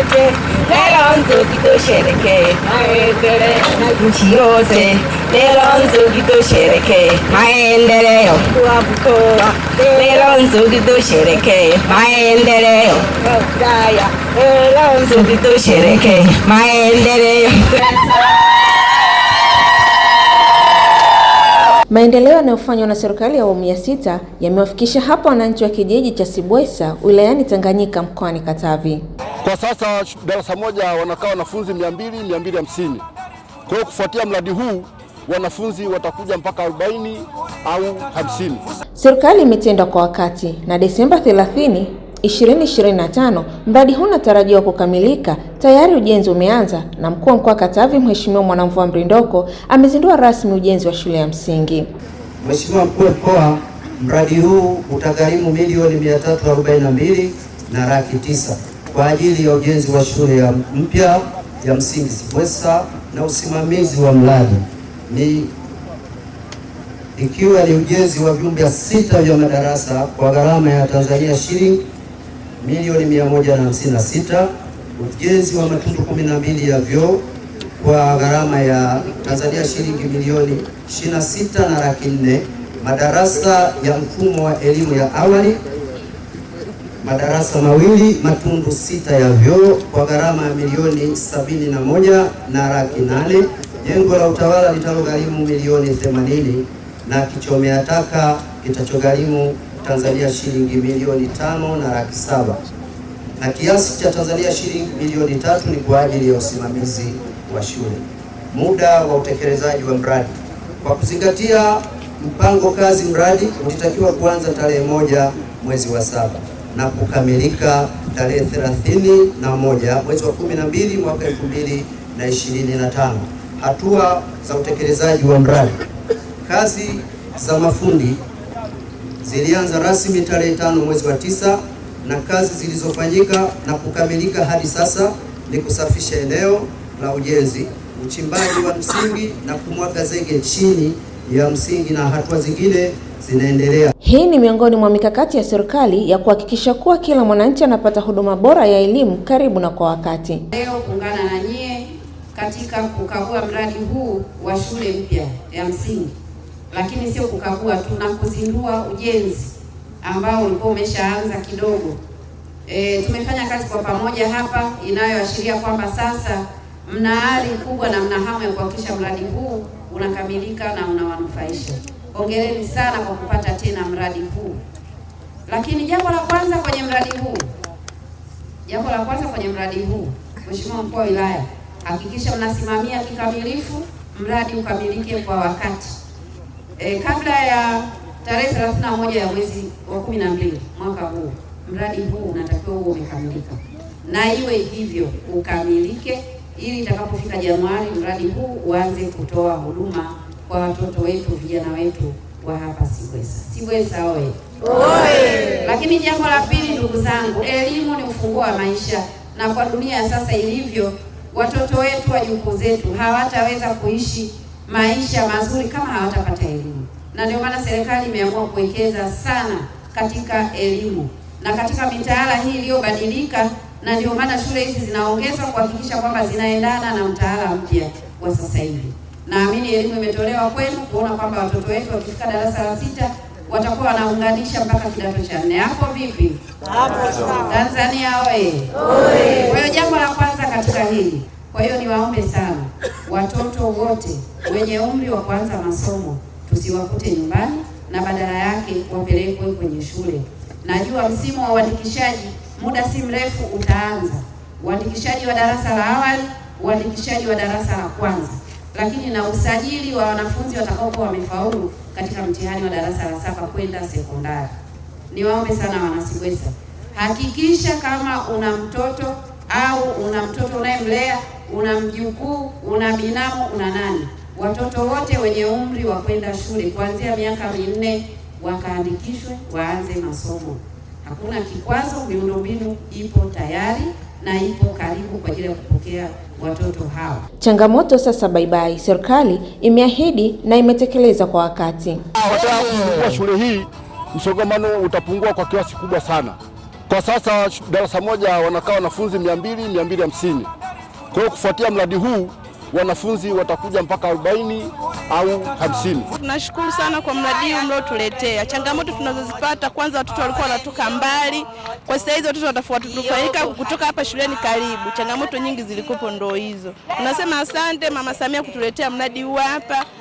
yote tusherekee, maendeleo nchi yote tusherekee, maendeleo kwa mkoa tusherekee, maendeleo tusherekee, maendeleo Maendeleo yanayofanywa na serikali ya awamu ya sita yamewafikisha hapa wananchi wa kijiji cha Sibwesa wilayani Tanganyika mkoani Katavi. Kwa sasa darasa moja wanakaa wanafunzi 200 250. Kwa hiyo kufuatia mradi huu wanafunzi watakuja mpaka 40 au 50. Serikali imetenda kwa wakati na Desemba 30, 2025 mradi huu unatarajiwa kukamilika. Tayari ujenzi umeanza na mkuu wa mkoa Katavi Mheshimiwa Mwanamvua Mrindoko amezindua rasmi ujenzi wa shule ya msingi. Mheshimiwa mkuu wa mkoa, mradi huu utagharimu milioni 342 na laki 9 kwa ajili ya ujenzi wa shule mpya ya msingi Sibwesa na usimamizi wa mradi ni ikiwa ni ujenzi wa vyumba sita vya madarasa kwa gharama ya Tanzania shilingi milioni 156, ujenzi wa matundu 12 ya vyoo kwa gharama ya Tanzania shilingi milioni 26 na laki 4 madarasa ya mfumo wa elimu ya awali madarasa mawili matundu sita ya vyoo kwa gharama ya milioni sabini na moja na laki nane, jengo la utawala litalogharimu milioni themanini na kichomea taka kitachogharimu Tanzania shilingi milioni tano na laki saba na kiasi cha Tanzania shilingi milioni tatu ni kwa ajili ya usimamizi wa shule. Muda wa utekelezaji wa mradi kwa kuzingatia mpango kazi, mradi ulitakiwa kuanza tarehe moja mwezi wa saba na kukamilika tarehe thelathini na moja mwezi wa kumi na mbili mwaka elfu mbili na ishirini na tano. Hatua za utekelezaji wa mradi. Kazi za mafundi zilianza rasmi tarehe tano mwezi wa tisa na kazi zilizofanyika na kukamilika hadi sasa ni kusafisha eneo la ujenzi, uchimbaji wa msingi na kumwaga zege chini ya msingi na hatua zingine zinaendelea. Hii ni miongoni mwa mikakati ya serikali ya kuhakikisha kuwa kila mwananchi anapata huduma bora ya elimu karibu na kwa wakati. Leo kuungana na nyie katika kukagua mradi huu wa shule mpya ya msingi, lakini sio kukagua tu na kuzindua ujenzi ambao ulikuwa umeshaanza kidogo. E, tumefanya kazi kwa pamoja hapa inayoashiria kwamba sasa mna ari kubwa na mna hamu ya kuhakikisha mradi huu unakamilika na unawanufaisha Hongereni sana kwa kupata tena mradi huu. Lakini jambo la kwanza kwenye mradi huu, jambo la kwanza kwenye mradi huu, Mheshimiwa Mkuu wa Wilaya, hakikisha unasimamia kikamilifu mradi ukamilike kwa wakati e, kabla ya tarehe 31 ya mwezi wa 12 mwaka huu, mradi huu unatakiwa huo umekamilika, na iwe hivyo ukamilike, ili itakapofika Januari mradi huu uanze kutoa huduma kwa watoto wetu, vijana wetu wa hapa Singwesa. Singwesa oye! Lakini jambo la pili, ndugu zangu, elimu ni ufunguo wa maisha, na kwa dunia ya sasa ilivyo, watoto wetu, wajukuu zetu hawataweza kuishi maisha mazuri kama hawatapata elimu, na ndio maana serikali imeamua kuwekeza sana katika elimu na katika mitaala hii iliyobadilika, na ndio maana shule hizi zinaongezwa kuhakikisha kwamba zinaendana na mtaala mpya wa sasa hivi. Naamini elimu imetolewa kwenu kuona kwamba watoto wetu wakifika darasa la sita watakuwa wanaunganisha mpaka kidato cha nne. Hapo vipi? Hapo sawa. Tanzania oye! Kwa hiyo jambo la kwanza katika hili, kwa hiyo niwaombe sana watoto wote wenye umri wa kuanza masomo tusiwakute nyumbani, na badala yake wapelekwe kwenye shule. Najua msimu wa uandikishaji muda si mrefu utaanza, uandikishaji wa darasa la awali, uandikishaji wa darasa la kwanza lakini na usajili wa wanafunzi watakaokuwa wamefaulu katika mtihani wa darasa la saba kwenda sekondari. Niwaombe sana wanasigwesa, hakikisha kama una mtoto au una mtoto unayemlea, una mjukuu, una binamu, una nani, watoto wote wenye umri wa kwenda shule kuanzia miaka minne wakaandikishwe waanze masomo. Hakuna kikwazo, miundombinu ipo tayari na ipo karibu kwa ajili ya kupokea watoto hao. Changamoto sasa baibai, serikali imeahidi na imetekeleza kwa wakati. Wataka kufungua shule hii, msongamano utapungua kwa kiasi kubwa sana. Kwa sasa darasa moja wanakaa wanafunzi mia mbili mia mbili hamsini. Kwa hiyo kufuatia mradi huu wanafunzi watakuja mpaka 40 au 50. Tunashukuru sana kwa mradi huu mliotuletea. Changamoto tunazozipata, kwanza watoto walikuwa wanatoka mbali, kwa sasa hizi watoto watafuatunufaika kutoka hapa shuleni karibu. Changamoto nyingi zilikopo ndo hizo. Tunasema asante Mama Samia kutuletea mradi huu hapa.